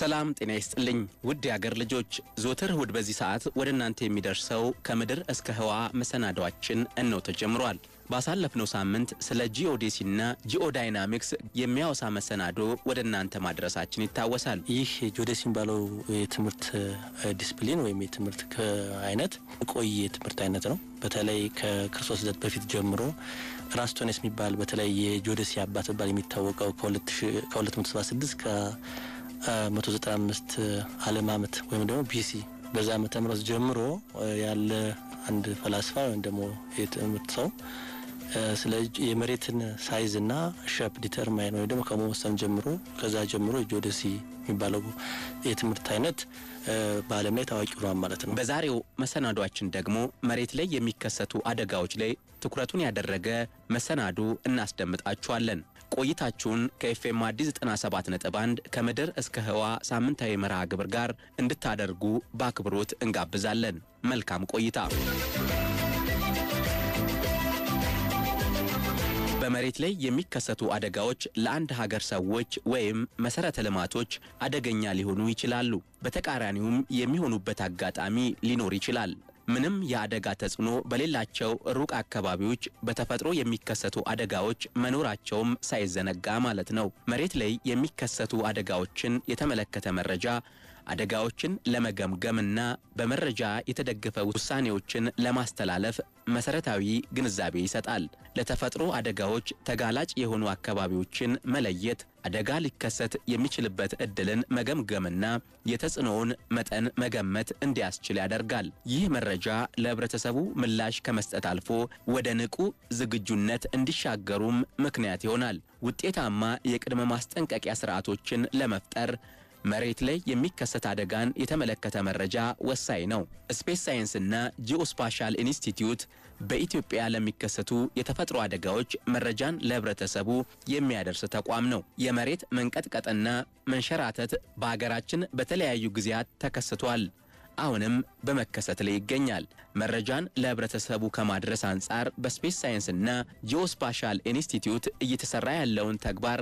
ሰላም ጤና ይስጥልኝ ውድ የአገር ልጆች፣ ዞተር እሁድ በዚህ ሰዓት ወደ እናንተ የሚደርሰው ከምድር እስከ ህዋ መሰናዷችን እነው ተጀምሯል። ባሳለፍነው ሳምንት ስለ ጂኦዴሲና ጂኦዳይናሚክስ የሚያወሳ መሰናዶ ወደ እናንተ ማድረሳችን ይታወሳል። ይህ ጂኦዴሲ የሚባለው የትምህርት ዲስፕሊን ወይም የትምህርት አይነት ቆይ የትምህርት አይነት ነው። በተለይ ከክርስቶስ ልደት በፊት ጀምሮ ራስቶኔስ የሚባል በተለይ የጂኦዴሲ አባት ባል የሚታወቀው ከ276 195 ዓለም ዓመት ወይም ደግሞ ቢሲ በዛ ዓመተ ምህረት ጀምሮ ያለ አንድ ፈላስፋ ወይም ደግሞ የትምህርት ሰው ስለ የመሬትን ሳይዝ እና ሸፕ ዲተርማይን ወይም ደግሞ ከመወሰን ጀምሮ ከዛ ጀምሮ ጂኦደሲ የሚባለው የትምህርት አይነት በዓለም ላይ ታዋቂ ሆኗል ማለት ነው። በዛሬው መሰናዷችን ደግሞ መሬት ላይ የሚከሰቱ አደጋዎች ላይ ትኩረቱን ያደረገ መሰናዶ እናስደምጣችኋለን። ቆይታችሁን ከኤፍኤም አዲስ 97 ነጥብ 1 ከምድር እስከ ህዋ ሳምንታዊ መርሃ ግብር ጋር እንድታደርጉ በአክብሮት እንጋብዛለን። መልካም ቆይታ። በመሬት ላይ የሚከሰቱ አደጋዎች ለአንድ ሀገር ሰዎች ወይም መሰረተ ልማቶች አደገኛ ሊሆኑ ይችላሉ። በተቃራኒውም የሚሆኑበት አጋጣሚ ሊኖር ይችላል። ምንም የአደጋ ተጽዕኖ በሌላቸው ሩቅ አካባቢዎች በተፈጥሮ የሚከሰቱ አደጋዎች መኖራቸውም ሳይዘነጋ ማለት ነው። መሬት ላይ የሚከሰቱ አደጋዎችን የተመለከተ መረጃ አደጋዎችን ለመገምገምና በመረጃ የተደገፈ ውሳኔዎችን ለማስተላለፍ መሰረታዊ ግንዛቤ ይሰጣል። ለተፈጥሮ አደጋዎች ተጋላጭ የሆኑ አካባቢዎችን መለየት፣ አደጋ ሊከሰት የሚችልበት ዕድልን መገምገምና የተጽዕኖውን መጠን መገመት እንዲያስችል ያደርጋል። ይህ መረጃ ለህብረተሰቡ ምላሽ ከመስጠት አልፎ ወደ ንቁ ዝግጁነት እንዲሻገሩም ምክንያት ይሆናል። ውጤታማ የቅድመ ማስጠንቀቂያ ስርዓቶችን ለመፍጠር መሬት ላይ የሚከሰት አደጋን የተመለከተ መረጃ ወሳኝ ነው። ስፔስ ሳይንስና ጂኦስፓሻል ኢንስቲትዩት በኢትዮጵያ ለሚከሰቱ የተፈጥሮ አደጋዎች መረጃን ለህብረተሰቡ የሚያደርስ ተቋም ነው። የመሬት መንቀጥቀጥና መንሸራተት በሀገራችን በተለያዩ ጊዜያት ተከስቷል። አሁንም በመከሰት ላይ ይገኛል። መረጃን ለህብረተሰቡ ከማድረስ አንጻር በስፔስ ሳይንስና ጂኦስፓሻል ኢንስቲትዩት እየተሰራ ያለውን ተግባር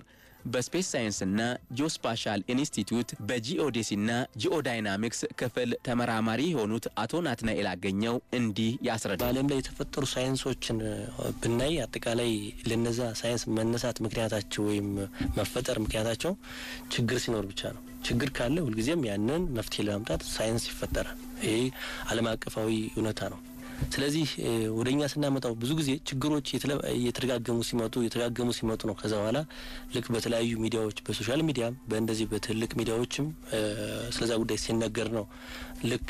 በስፔስ ሳይንስና ጂኦስፓሻል ኢንስቲትዩት በጂኦዴሲና ጂኦዳይናሚክስ ክፍል ተመራማሪ የሆኑት አቶ ናትናኤል አገኘው እንዲህ ያስረዳል። በዓለም ላይ የተፈጠሩ ሳይንሶችን ብናይ አጠቃላይ ለነዛ ሳይንስ መነሳት ምክንያታቸው ወይም መፈጠር ምክንያታቸው ችግር ሲኖር ብቻ ነው። ችግር ካለ ሁልጊዜም ያንን መፍትሄ ለማምጣት ሳይንስ ይፈጠራል። ይህ ዓለም አቀፋዊ እውነታ ነው። ስለዚህ ወደ እኛ ስናመጣው ብዙ ጊዜ ችግሮች እየተደጋገሙ ሲመጡ እየተደጋገሙ ሲመጡ ነው ከዛ በኋላ ልክ በተለያዩ ሚዲያዎች በሶሻል ሚዲያ በእንደዚህ በትልቅ ሚዲያዎችም ስለዛ ጉዳይ ሲነገር ነው ልክ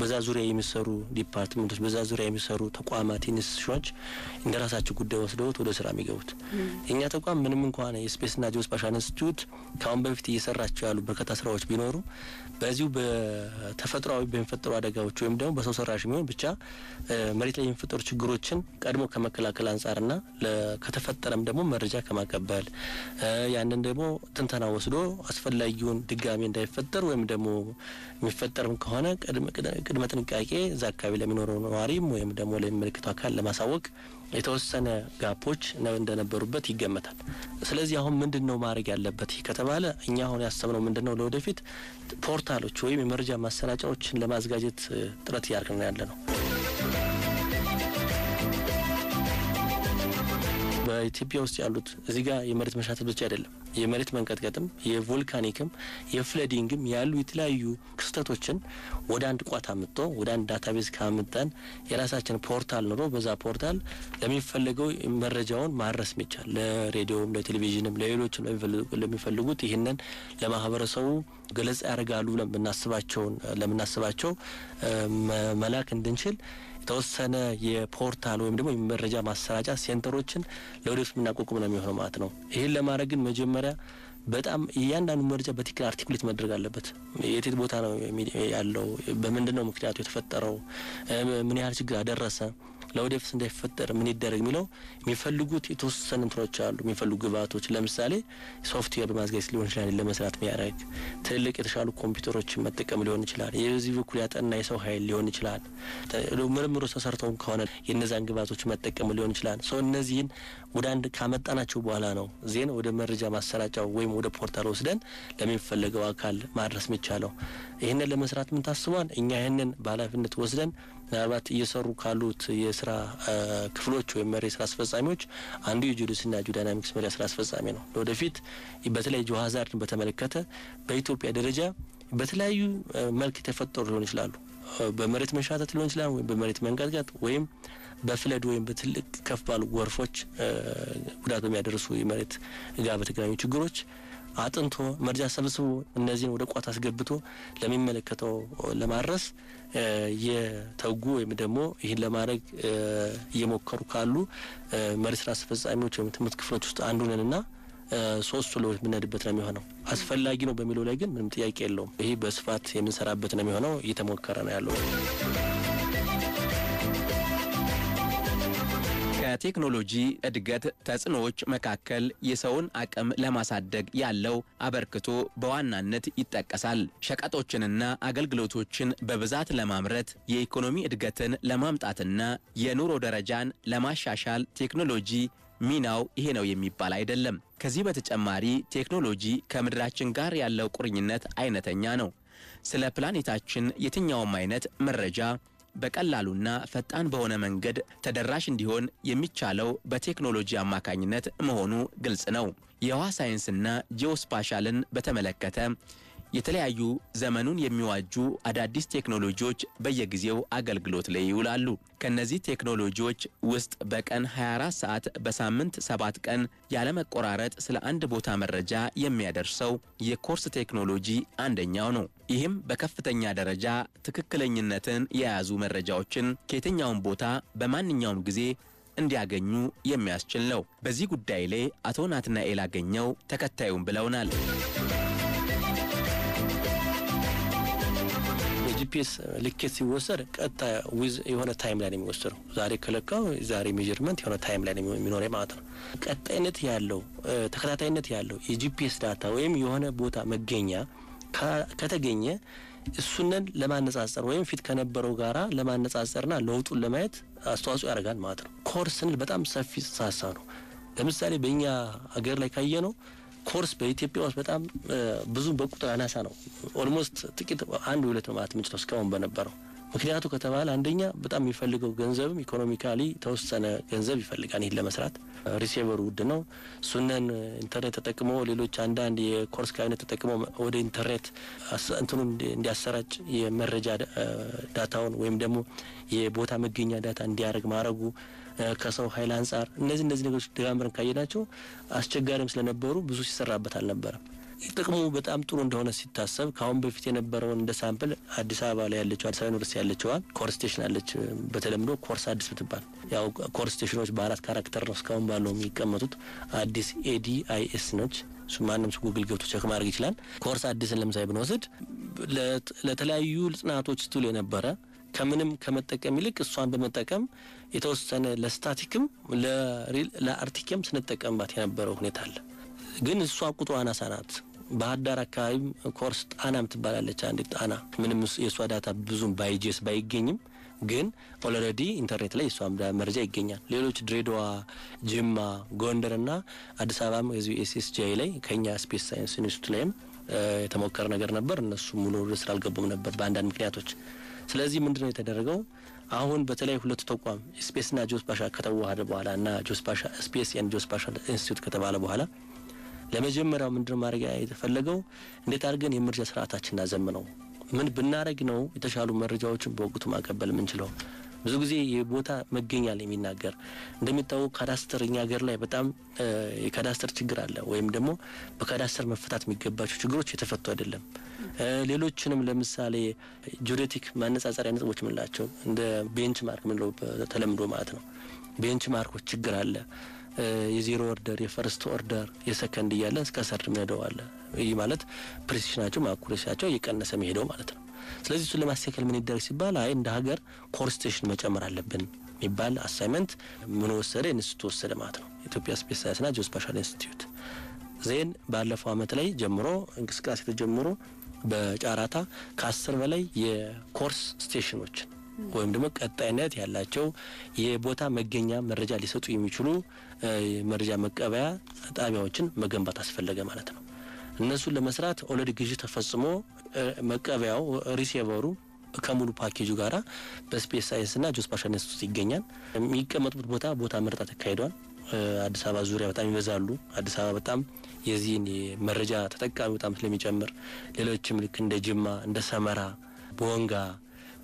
በዛ ዙሪያ የሚሰሩ ዲፓርትመንቶች በዛ ዙሪያ የሚሰሩ ተቋማት ኢንስቲትዩሽኖች እንደ ራሳቸው ጉዳይ ወስደውት ወደ ስራ የሚገቡት። የእኛ ተቋም ምንም እንኳን የስፔስና ጂኦስፓሻል ኢንስቲትዩት ከአሁን በፊት እየሰራቸው ያሉ በርካታ ስራዎች ቢኖሩ በዚሁ በተፈጥሯዊ በሚፈጠሩ አደጋዎች ወይም ደግሞ በሰው ሰራሽ የሚሆን ብቻ መሬት ላይ የሚፈጠሩ ችግሮችን ቀድሞ ከመከላከል አንጻርና ከተፈጠረም ደግሞ መረጃ ከማቀበል ያንን ደግሞ ትንተና ወስዶ አስፈላጊውን ድጋሚ እንዳይፈጠር ወይም ደግሞ የሚፈጠርም ከሆነ ቅድመ ጥንቃቄ እዛ አካባቢ ለሚኖረው ነዋሪም ወይም ደግሞ ለሚመለከተው አካል ለማሳወቅ የተወሰነ ጋፖች እንደነበሩበት ይገመታል። ስለዚህ አሁን ምንድን ነው ማድረግ ያለበት ከተባለ እኛ አሁን ያሰብነው ምንድን ነው ለወደፊት ፖርታሎች ወይም የመረጃ ማሰራጫዎችን ለማዘጋጀት ጥረት እያደረግን ያለ ነው። ኢትዮጵያ ውስጥ ያሉት እዚህ ጋር የመሬት መሻተል ብቻ አይደለም፣ የመሬት መንቀጥቀጥም የቮልካኒክም የፍለዲንግም ያሉ የተለያዩ ክስተቶችን ወደ አንድ ቋት አምጥቶ ወደ አንድ ዳታቤዝ ካመጣን የራሳችን ፖርታል ኖሮ በዛ ፖርታል ለሚፈለገው መረጃውን ማድረስ ይቻል። ለሬዲዮም፣ ለቴሌቪዥንም፣ ለሌሎችም ለሚፈልጉት ይህንን ለማህበረሰቡ ገለጻ ያደርጋሉ ለምናስባቸውን ለምናስባቸው መላክ እንድንችል የተወሰነ የፖርታል ወይም ደግሞ የመረጃ ማሰራጫ ሴንተሮችን ለወደፊት የምናቋቁም ነው የሚሆነው ማለት ነው። ይህን ለማድረግ ግን መጀመሪያ በጣም እያንዳንዱ መረጃ በትክክል አርቲኩሌት መድረግ አለበት። የቴት ቦታ ነው ያለው፣ በምንድን ነው ምክንያቱ የተፈጠረው፣ ምን ያህል ችግር አደረሰ ለወደፊት እንዳይፈጠር ምን ይደረግ የሚለው የሚፈልጉት የተወሰኑ እንትኖች አሉ። የሚፈልጉ ግብአቶች ለምሳሌ ሶፍትዌር በማዘጋጀት ሊሆን ይችላል ለመስራት የሚያደርግ ትልልቅ የተሻሉ ኮምፒውተሮችን መጠቀም ሊሆን ይችላል። የዚህ በኩል ያጠና የሰው ኃይል ሊሆን ይችላል። ምርምሮች ተሰርተው ከሆነ የነዛን ግብአቶች መጠቀም ሊሆን ይችላል። ሰው እነዚህን ወደ አንድ ካመጣናቸው በኋላ ነው ዜን ወደ መረጃ ማሰራጫው ወይም ወደ ፖርታል ወስደን ለሚፈለገው አካል ማድረስ የሚቻለው። ይህንን ለመስራት ምን ታስቧል? እኛ ይህንን በኃላፊነት ወስደን ምናልባት እየሰሩ ካሉት የስራ ክፍሎች ወይም መሪ ስራ አስፈጻሚዎች አንዱ የጂኦዴሲና ጂኦዳይናሚክስ መሪ ስራ አስፈጻሚ ነው። ለወደፊት በተለይ ጂኦ ሀዛርድን በተመለከተ በኢትዮጵያ ደረጃ በተለያዩ መልክ የተፈጠሩ ሊሆን ይችላሉ። በመሬት መንሸራተት ሊሆን ይችላል፣ ወይም በመሬት መንቀጥቀጥ ወይም በፍለድ ወይም በትልቅ ከፍ ባሉ ጎርፎች ጉዳት በሚያደርሱ የመሬት ጋር በተገናኙ ችግሮች አጥንቶ መርጃ ሰብስቦ እነዚህን ወደ ቋት አስገብቶ ለሚመለከተው ለማድረስ የተጉ ወይም ደግሞ ይህን ለማድረግ እየሞከሩ ካሉ መሪ ስራ አስፈጻሚዎች ወይም ትምህርት ክፍሎች ውስጥ አንዱ ነንና ሶስቱ ለውት የምንሄድበት ነው የሚሆነው። አስፈላጊ ነው በሚለው ላይ ግን ምንም ጥያቄ የለውም። ይህ በስፋት የምንሰራበት ነው የሚሆነው። እየተሞከረ ነው ያለው። ከቴክኖሎጂ እድገት ተጽዕኖዎች መካከል የሰውን አቅም ለማሳደግ ያለው አበርክቶ በዋናነት ይጠቀሳል። ሸቀጦችንና አገልግሎቶችን በብዛት ለማምረት የኢኮኖሚ እድገትን ለማምጣትና የኑሮ ደረጃን ለማሻሻል ቴክኖሎጂ ሚናው ይሄ ነው የሚባል አይደለም። ከዚህ በተጨማሪ ቴክኖሎጂ ከምድራችን ጋር ያለው ቁርኝነት አይነተኛ ነው። ስለ ፕላኔታችን የትኛውም አይነት መረጃ በቀላሉና ፈጣን በሆነ መንገድ ተደራሽ እንዲሆን የሚቻለው በቴክኖሎጂ አማካኝነት መሆኑ ግልጽ ነው። የውሃ ሳይንስና ጂኦስፓሻልን በተመለከተ የተለያዩ ዘመኑን የሚዋጁ አዳዲስ ቴክኖሎጂዎች በየጊዜው አገልግሎት ላይ ይውላሉ። ከነዚህ ቴክኖሎጂዎች ውስጥ በቀን 24 ሰዓት በሳምንት 7 ቀን ያለመቆራረጥ ስለ አንድ ቦታ መረጃ የሚያደርሰው የኮርስ ቴክኖሎጂ አንደኛው ነው። ይህም በከፍተኛ ደረጃ ትክክለኝነትን የያዙ መረጃዎችን ከየትኛውም ቦታ በማንኛውም ጊዜ እንዲያገኙ የሚያስችል ነው። በዚህ ጉዳይ ላይ አቶ ናትናኤል አገኘው ተከታዩም ብለውናል። ጂፒኤስ ልኬት ሲወሰድ ቀጥታ ዊዝ የሆነ ታይም ላይ ነው የሚወሰደው። ዛሬ ከለካው ዛሬ ሜዥርመንት የሆነ ታይም ላይ ነው ማለት ነው። ቀጣይነት ያለው ተከታታይነት ያለው የጂፒኤስ ዳታ ወይም የሆነ ቦታ መገኛ ከተገኘ እሱንን ለማነጻጸር ወይም ፊት ከነበረው ጋራ ለማነጻጸርና ለውጡን ለማየት አስተዋጽኦ ያደርጋል ማለት ነው። ኮር ስንል በጣም ሰፊ ሳሳ ነው። ለምሳሌ በእኛ አገር ላይ ካየ ነው ኮርስ በኢትዮጵያ ውስጥ በጣም ብዙ በቁጥር አናሳ ነው። ኦልሞስት ጥቂት አንድ ሁለት ነው ማለት የምንችለው እስካሁን በነበረው ምክንያቱ ከተባለ አንደኛ በጣም የሚፈልገው ገንዘብም ኢኮኖሚካሊ ተወሰነ ገንዘብ ይፈልጋል። ይህን ለመስራት ሪሴቨር ውድ ነው። እሱነን ኢንተርኔት ተጠቅሞ ሌሎች አንዳንድ የኮርስ ካቢኔት ተጠቅሞ ወደ ኢንተርኔት እንትኑ እንዲያሰራጭ የመረጃ ዳታውን ወይም ደግሞ የቦታ መገኛ ዳታ እንዲያደርግ ማድረጉ ከሰው ኃይል አንጻር እነዚህ እነዚህ ነገሮች ድራምርን ካየናቸው አስቸጋሪም ስለነበሩ ብዙ ሲሰራበት አልነበረም። ጥቅሙ በጣም ጥሩ እንደሆነ ሲታሰብ ከአሁን በፊት የነበረውን እንደ ሳምፕል አዲስ አበባ ላይ ያለችው አዲስ አበባ ዩኒቨርሲቲ ያለችዋል ኮር ስቴሽን አለች። በተለምዶ ኮርስ አዲስ ብትባል ያው ኮር ስቴሽኖች በአራት ካራክተር ነው እስካሁን ባለው የሚቀመጡት። አዲስ ኤዲአይኤስ ነች። እሱ ማንም ስ ጉግል ገብቶ ቸክ ማድረግ ይችላል። ኮርስ አዲስን ለምሳሌ ብንወስድ ለተለያዩ ጥናቶች ስትውል የነበረ ከምንም ከመጠቀም ይልቅ እሷን በመጠቀም የተወሰነ ለስታቲክም ለአርቲክም ስንጠቀምባት የነበረው ሁኔታ አለ። ግን እሷ ቁጡ አናሳ ናት። ባህር ዳር አካባቢም ኮርስ ጣና ትባላለች። አንድ ጣና ምንም የእሷ ዳታ ብዙም ባይጄስ ባይገኝም ግን ኦልሬዲ ኢንተርኔት ላይ እሷም መረጃ ይገኛል። ሌሎች ድሬዳዋ፣ ጅማ፣ ጎንደርና አዲስ አበባም ዚ ኤስኤስጂአይ ላይ ከኛ ስፔስ ሳይንስ ኢንስቲትዩት ላይም የተሞከረ ነገር ነበር። እነሱ ሙሉ ወደ ስራ አልገቡም ነበር በአንዳንድ ምክንያቶች። ስለዚህ ምንድነው የተደረገው? አሁን በተለይ ሁለቱ ተቋም ስፔስና ጂኦስፓሻ ከተዋሃደ በኋላ እና ጂኦስፓሻ ስፔስ ኤንድ ጂኦስፓሻል ኢንስቲትዩት ከተባለ በኋላ ለመጀመሪያው ምንድነው ማድረግ የተፈለገው? እንዴት አድርገን የምርጃ ስርዓታችን እናዘምነው? ምን ብናደረግ ነው የተሻሉ መረጃዎችን በወቅቱ ማቀበል የምንችለው? ብዙ ጊዜ የቦታ መገኛል የሚናገር እንደሚታወቅ ካዳስተር እኛ ሀገር ላይ በጣም የካዳስተር ችግር አለ፣ ወይም ደግሞ በካዳስተር መፈታት የሚገባቸው ችግሮች የተፈቱ አይደለም። ሌሎችንም ለምሳሌ ጂኦዴቲክ ማነጻጸሪያ ነጥቦች ምንላቸው እንደ ቤንች ማርክ ምንለው ተለምዶ ማለት ነው። ቤንች ማርኮች ችግር አለ። የዜሮ ኦርደር፣ የፈርስት ኦርደር፣ የሰከንድ እያለ እስከ ሰርድ ምንሄደው አለ። ይህ ማለት ፕሬሲሽናቸው ማኩሬሲያቸው እየቀነሰ መሄደው ማለት ነው። ስለዚህ እሱን ለማስተካከል ምን ይደረግ ሲባል አይ እንደ ሀገር ኮር ስቴሽን መጨመር አለብን የሚባል አሳይመንት ምን ወሰደ ኢንስቲቱት ወሰደ ማለት ነው። ኢትዮጵያ ስፔስ ና ጂኦስፓሻል ኢንስቲትዩት ዜን ባለፈው አመት ላይ ጀምሮ እንቅስቃሴ ተጀምሮ በጫራታ ከአስር በላይ የኮርስ ስቴሽኖችን ወይም ደግሞ ቀጣይነት ያላቸው የቦታ መገኛ መረጃ ሊሰጡ የሚችሉ መረጃ መቀበያ ጣቢያዎችን መገንባት አስፈለገ ማለት ነው። እነሱን ለመስራት ኦልሬዲ ግዥ ተፈጽሞ መቀበያው ሪሲቨሩ ከሙሉ ፓኬጁ ጋራ በስፔስ ሳይንስና ጂኦስፓሻል ውስጥ ይገኛል። የሚቀመጡበት ቦታ ቦታ ምርጣ ተካሂዷል። አዲስ አበባ ዙሪያ በጣም ይበዛሉ። አዲስ አበባ በጣም የዚህን መረጃ ተጠቃሚ በጣም ስለሚጨምር ሌሎችም ልክ እንደ ጅማ፣ እንደ ሰመራ፣ ቦንጋ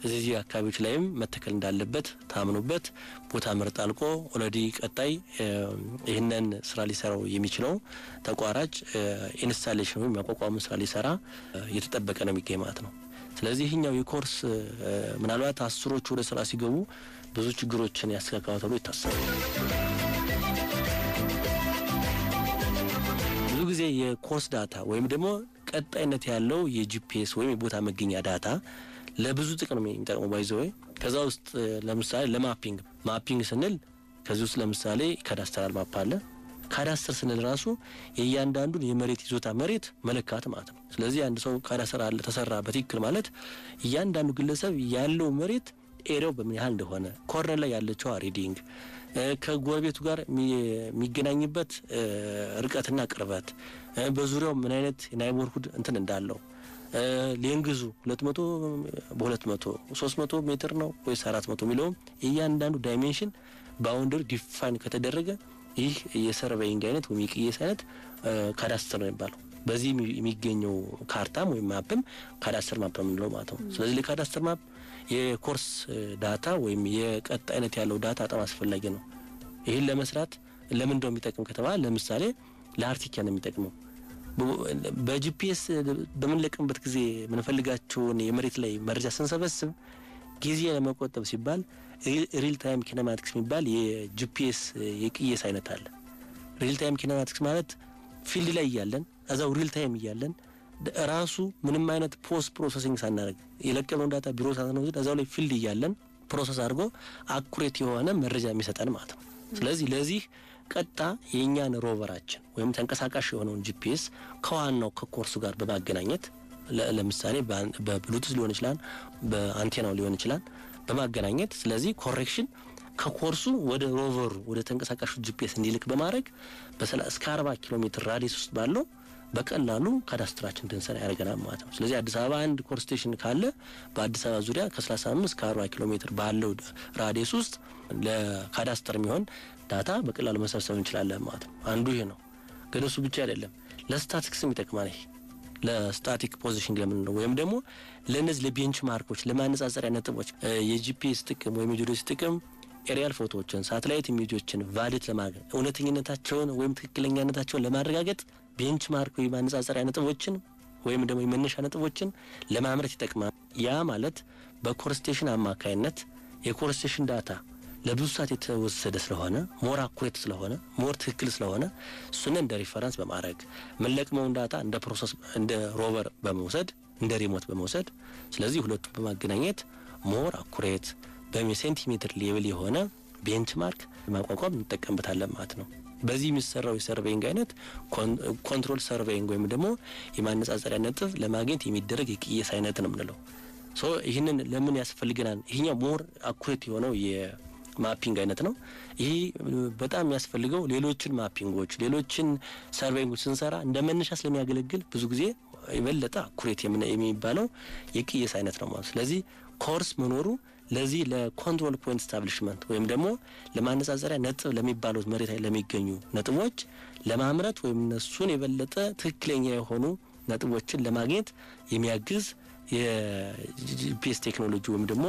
እዚህ አካባቢዎች ላይም መተከል እንዳለበት ታምኑበት ቦታ ምርጥ አልቆ ኦልሬዲ ቀጣይ ይህንን ስራ ሊሰራው የሚችለው ተቋራጭ ኢንስታሌሽን ወይም ያቋቋሙ ስራ ሊሰራ እየተጠበቀ ነው የሚገኝ ማለት ነው። ስለዚህ ይህኛው የኮርስ ምናልባት አስሮች ወደ ስራ ሲገቡ ብዙ ችግሮችን ያስተካክላል ተብሎ ይታሰባል። ብዙ ጊዜ የኮርስ ዳታ ወይም ደግሞ ቀጣይነት ያለው የጂፒኤስ ወይም የቦታ መገኛ ዳታ ለብዙ ጥቅም የሚጠቅሙ ባይዘ ወይ ከዛ ውስጥ ለምሳሌ ለማፒንግ ማፒንግ ስንል ከዚህ ውስጥ ለምሳሌ ካዳስተራል ማፕ አለ። ካዳስተር ስንል ራሱ የእያንዳንዱን የመሬት ይዞታ መሬት መለካት ማለት ነው። ስለዚህ አንድ ሰው ካዳስተር አለ ተሰራ በትክክል ማለት እያንዳንዱ ግለሰብ ያለው መሬት ኤሪያው በምን ያህል እንደሆነ ኮርነር ላይ ያለችው ሪዲንግ ከጎረቤቱ ጋር የሚገናኝበት ርቀትና ቅርበት በዙሪያው ምን አይነት ናይቦርሁድ እንትን እንዳለው ሊንግዙ 200 በ200 300 ሜትር ነው ወይስ 400 የሚለውም እያንዳንዱ ዳይሜንሽን ባውንደሪ ዲፋይን ከተደረገ ይህ የሰርቬይንግ አይነት ወይም የቅየስ አይነት ካዳስተር ነው የሚባለው። በዚህ የሚገኘው ካርታም ወይም ማፕም ካዳስተር ማፕ ነው የምንለው ማለት ነው። ስለዚህ ለካዳስተር ማፕ የኮርስ ዳታ ወይም አይነት ያለው ዳታ በጣም አስፈላጊ ነው። ይህን ለመስራት ለምን እንደው የሚጠቅም ከተባለ ለምሳሌ ለአርቲኪያ ነው የሚጠቅመው በጂፒኤስ በምንለቅምበት ጊዜ የምንፈልጋቸውን የመሬት ላይ መረጃ ስንሰበስብ ጊዜ ለመቆጠብ ሲባል ሪል ታይም ኪነማቲክስ የሚባል የጂፒኤስ የቅየስ አይነት አለ። ሪል ታይም ኪነማቲክስ ማለት ፊልድ ላይ እያለን እዛው ሪል ታይም እያለን ራሱ ምንም አይነት ፖስት ፕሮሰሲንግ ሳናደርግ የለቀመውን ዳታ ቢሮ ሳንወስድ እዛው ላይ ፊልድ እያለን ፕሮሰስ አድርጎ አኩሬት የሆነ መረጃ የሚሰጠን ማለት ነው። ስለዚህ ለዚህ ሲቀጣ የእኛን ሮቨራችን ወይም ተንቀሳቃሽ የሆነውን ጂፒኤስ ከዋናው ከኮርሱ ጋር በማገናኘት ለምሳሌ በብሉቱዝ ሊሆን ይችላል፣ በአንቴናው ሊሆን ይችላል በማገናኘት ስለዚህ ኮሬክሽን ከኮርሱ ወደ ሮቨሩ ወደ ተንቀሳቃሹ ጂፒኤስ እንዲልክ በማድረግ እስከ 40 ኪሎ ሜትር ራዲየስ ውስጥ ባለው በቀላሉ ካዳስትራችን ድንሰራ ያደርገናል ማለት ነው። ስለዚህ አዲስ አበባ አንድ ኮር ስቴሽን ካለ በአዲስ አበባ ዙሪያ ከ35 እስከ 40 ኪሎ ሜትር ባለው ራዲየስ ውስጥ ለካዳስተር የሚሆን ዳታ በቀላሉ መሰብሰብ እንችላለን ማለት ነው። አንዱ ይሄ ነው። ግን እሱ ብቻ አይደለም፣ ለስታቲክስም ይጠቅማል። ለስታቲክ ፖዚሽን ነው ወይም ደግሞ ለእነዚህ ለቤንች ማርኮች ለማነጻጸሪያ ነጥቦች የጂፒኤስ ጥቅም ወይም የጂኦዴሲ ጥቅም ኤሪያል ፎቶዎችን ሳተላይት ኢሜጆችን ቫሊድ ለማድረግ እውነተኝነታቸውን ወይም ትክክለኛነታቸውን ለማረጋገጥ ቤንች ማርክ ወይም ማነጻጸሪያ ነጥቦችን ወይም ደግሞ የመነሻ ነጥቦችን ለማምረት ይጠቅማል። ያ ማለት በኮርስቴሽን አማካይነት የኮርስቴሽን ዳታ ለብዙ ሰዓት የተወሰደ ስለሆነ ሞር አኩሬት ስለሆነ ሞር ትክክል ስለሆነ እሱን እንደ ሪፈረንስ በማድረግ የምንለቅመውን ዳታ እንደ ፕሮሰስ እንደ ሮቨር በመውሰድ እንደ ሪሞት በመውሰድ ስለዚህ ሁለቱን በማገናኘት ሞር አኩሬት በሴንቲሜትር ሌብል የሆነ ቤንችማርክ ማቋቋም እንጠቀምበታለን ማለት ነው። በዚህ የሚሰራው የሰርቬይንግ አይነት ኮንትሮል ሰርቬይንግ ወይም ደግሞ የማነጻጸሪያ ነጥብ ለማግኘት የሚደረግ የቅየስ አይነት ነው የምንለው። ይህንን ለምን ያስፈልገናል? ይህኛው ሞር አኩሬት የሆነው ማፒንግ አይነት ነው። ይህ በጣም የሚያስፈልገው ሌሎችን ማፒንጎች፣ ሌሎችን ሰርቬይንጎች ስንሰራ እንደ መነሻ ስለሚያገለግል ብዙ ጊዜ የበለጠ አኩሬት የሚባለው የቅየስ አይነት ነው ማለት። ስለዚህ ኮርስ መኖሩ ለዚህ ለኮንትሮል ፖይንት ስታብሊሽመንት ወይም ደግሞ ለማነጻጸሪያ ነጥብ ለሚባሉት መሬት ላይ ለሚገኙ ነጥቦች ለማምረት ወይም እነሱን የበለጠ ትክክለኛ የሆኑ ነጥቦችን ለማግኘት የሚያግዝ የጂፒኤስ ቴክኖሎጂ ወይም ደግሞ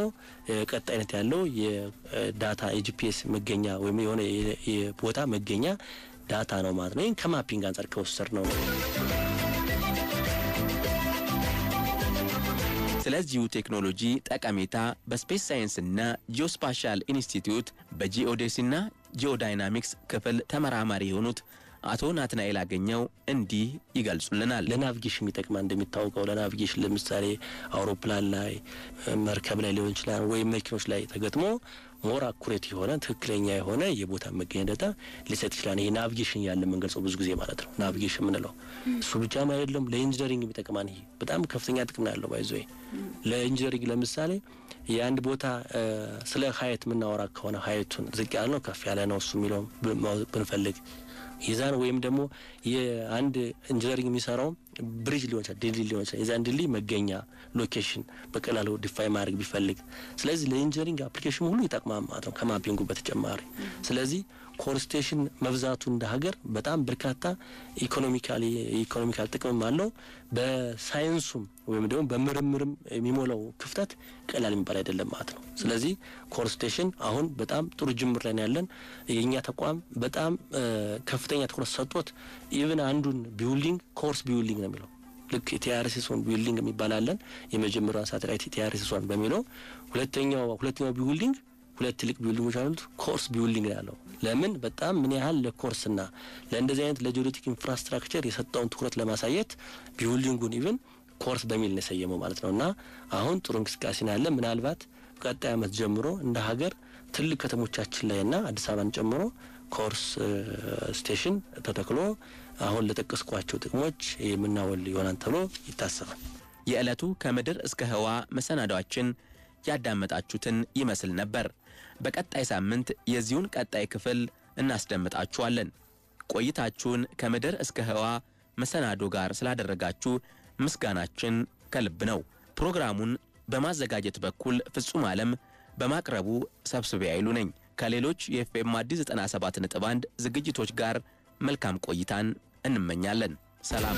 ቀጣይነት ያለው የዳታ የጂፒኤስ መገኛ ወይም የሆነ የቦታ መገኛ ዳታ ነው ማለት ነው። ይህን ከማፒንግ አንጻር ከወሰድ ነው። ስለዚሁ ቴክኖሎጂ ጠቀሜታ በስፔስ ሳይንስና ጂኦስፓሻል ኢንስቲትዩት በጂኦዴሲና ጂኦዳይናሚክስ ክፍል ተመራማሪ የሆኑት አቶ ናትናኤል አገኘው እንዲህ ይገልጹልናል። ለናቪጌሽን የሚጠቅማ እንደሚታወቀው ለናቪጌሽን ለምሳሌ አውሮፕላን ላይ መርከብ ላይ ሊሆን ይችላል ወይም መኪኖች ላይ ተገጥሞ ሞር አኩሬት የሆነ ትክክለኛ የሆነ የቦታ መገኘት ዳታ ሊሰጥ ይችላል። ይሄ ናቪጌሽን ያለ የምንገልጸው ብዙ ጊዜ ማለት ነው። ናቪጌሽን የምንለው እሱ ብቻም አይደለም፣ ለኢንጂነሪንግ የሚጠቅማን ይሄ በጣም ከፍተኛ ጥቅም ያለው ባይዞ ለኢንጂነሪንግ ለምሳሌ የአንድ ቦታ ስለ ሀየት የምናወራ ከሆነ ሀየቱን ዝቅ ያለ ነው ከፍ ያለ ነው እሱ የሚለው ብንፈልግ የዛን ወይም ደግሞ የአንድ ኢንጂነሪንግ የሚሰራው ብሪጅ ሊሆን ይችላል፣ ድልድይ ሊሆን ይችላል። የዛን ድልድይ መገኛ ሎኬሽን በቀላሉ ዲፋይ ማድረግ ቢፈልግ፣ ስለዚህ ለኢንጂነሪንግ አፕሊኬሽን ሁሉ ይጠቅማል ማለት ነው ከማፒንጉ በተጨማሪ ስለዚህ ኮርስቴሽን መብዛቱ እንደ ሀገር በጣም በርካታ ኢኮኖሚካሊ ኢኮኖሚካል ጥቅምም አለው። በሳይንሱም ወይም ደግሞ በምርምርም የሚሞላው ክፍተት ቀላል የሚባል አይደለም ማለት ነው። ስለዚህ ኮርስቴሽን አሁን በጣም ጥሩ ጅምር ላይ ያለን የእኛ ተቋም በጣም ከፍተኛ ትኩረት ሰጥቶት ኢቭን አንዱን ቢውልዲንግ ኮርስ ቢውልዲንግ ነው የሚለው ልክ የቲአርሲሶን ቢውልዲንግ የሚባላለን አለን። የመጀመሪያውን ሳተላይት ቲአርሲሶን በሚለው ሁለተኛው ሁለተኛው ቢውልዲንግ ሁለት ትልቅ ቢውልዲንጎች አሉት። ኮርስ ቢውልዲንግ ያለው ለምን በጣም ምን ያህል ለኮርስና ለእንደዚህ አይነት ለጂኦዴቲክ ኢንፍራስትራክቸር የሰጠውን ትኩረት ለማሳየት ቢውልዲንጉን ኢቭን ኮርስ በሚል ነው የሰየመው ማለት ነው። እና አሁን ጥሩ እንቅስቃሴ ነው ያለ። ምናልባት በቀጣይ ዓመት ጀምሮ እንደ ሀገር ትልቅ ከተሞቻችን ላይና አዲስ አበባን ጨምሮ ኮርስ ስቴሽን uh, ተተክሎ አሁን ለጠቀስኳቸው ጥቅሞች የምናወል ይሆናል ተብሎ ይታሰባል። የዕለቱ ከምድር እስከ ህዋ መሰናዷችን ያዳመጣችሁትን ይመስል ነበር። በቀጣይ ሳምንት የዚሁን ቀጣይ ክፍል እናስደምጣችኋለን። ቆይታችሁን ከምድር እስከ ህዋ መሰናዶ ጋር ስላደረጋችሁ ምስጋናችን ከልብ ነው። ፕሮግራሙን በማዘጋጀት በኩል ፍጹም ዓለም በማቅረቡ ሰብስቤ አይሉ ነኝ። ከሌሎች የኤፍኤም አዲስ 97 ነጥብ 1 ዝግጅቶች ጋር መልካም ቆይታን እንመኛለን። ሰላም።